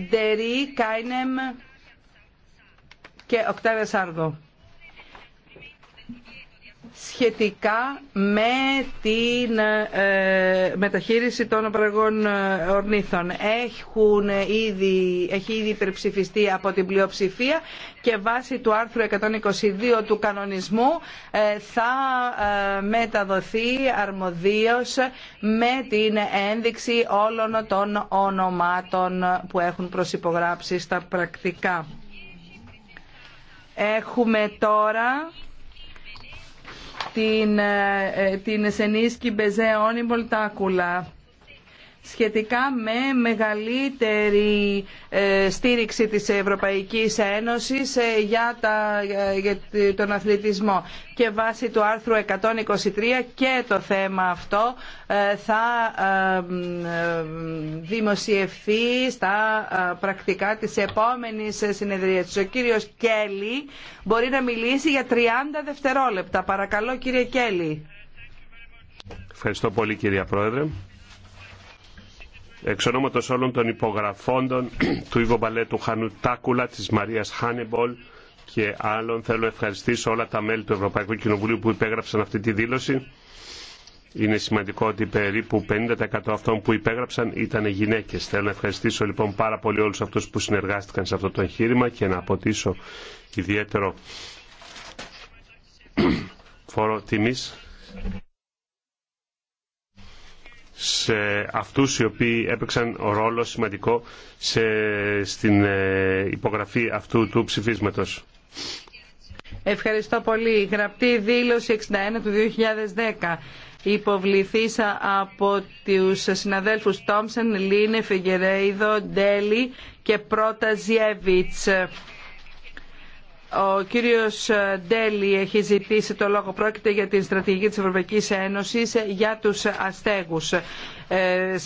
Ντερί, Κάινεμ και Οκτάβια Σάρδο σχετικά με την ε, μεταχείριση των παραγωγών ε, ορνήθων. Έχουν ε, ήδη, έχει ήδη υπερψηφιστεί από την πλειοψηφία και βάσει του άρθρου 122 του κανονισμού θα μεταδοθεί αρμοδίως με την ένδειξη όλων των ονομάτων που έχουν προσυπογράψει στα πρακτικά. Έχουμε τώρα την, ε, ε, την Σενίσκη Μπεζέ Όνιμπολ Τάκουλα σχετικά με μεγαλύτερη ε, στήριξη της Ευρωπαϊκής Ένωσης ε, για, τα, ε, για τον αθλητισμό. Και βάσει του άρθρου 123 και το θέμα αυτό θα δημοσιευθεί στα πρακτικά της επόμενης συνεδρίας. Ο κύριος Κέλλη μπορεί να μιλήσει για 30 δευτερόλεπτα. Παρακαλώ κύριε Κέλλη. Ευχαριστώ πολύ κυρία Πρόεδρε εξ ονόματος όλων των υπογραφώντων του Ιβο Μπαλέτου Χανουτάκουλα, της Μαρίας Χάνεμπολ και άλλων θέλω να ευχαριστήσω όλα τα μέλη του Ευρωπαϊκού Κοινοβουλίου που υπέγραψαν αυτή τη δήλωση. Είναι σημαντικό ότι περίπου 50% αυτών που υπέγραψαν ήταν γυναίκες. Θέλω να ευχαριστήσω λοιπόν πάρα πολύ όλους αυτούς που συνεργάστηκαν σε αυτό το εγχείρημα και να αποτίσω ιδιαίτερο φόρο τιμής σε αυτούς οι οποίοι έπαιξαν ρόλο σημαντικό σε, στην ε, υπογραφή αυτού του ψηφίσματος. Ευχαριστώ πολύ. Γραπτή δήλωση 61 του 2010 υποβληθήσα από τους συναδέλφους Τόμσεν, Λίνε, Φιγερέιδο, Ντέλη και πρώτα Ζιέβιτς. Ο κύριος Ντέλη έχει ζητήσει το λόγο. Πρόκειται για την στρατηγική της Ευρωπαϊκής Ένωσης για τους αστέγους. Ε,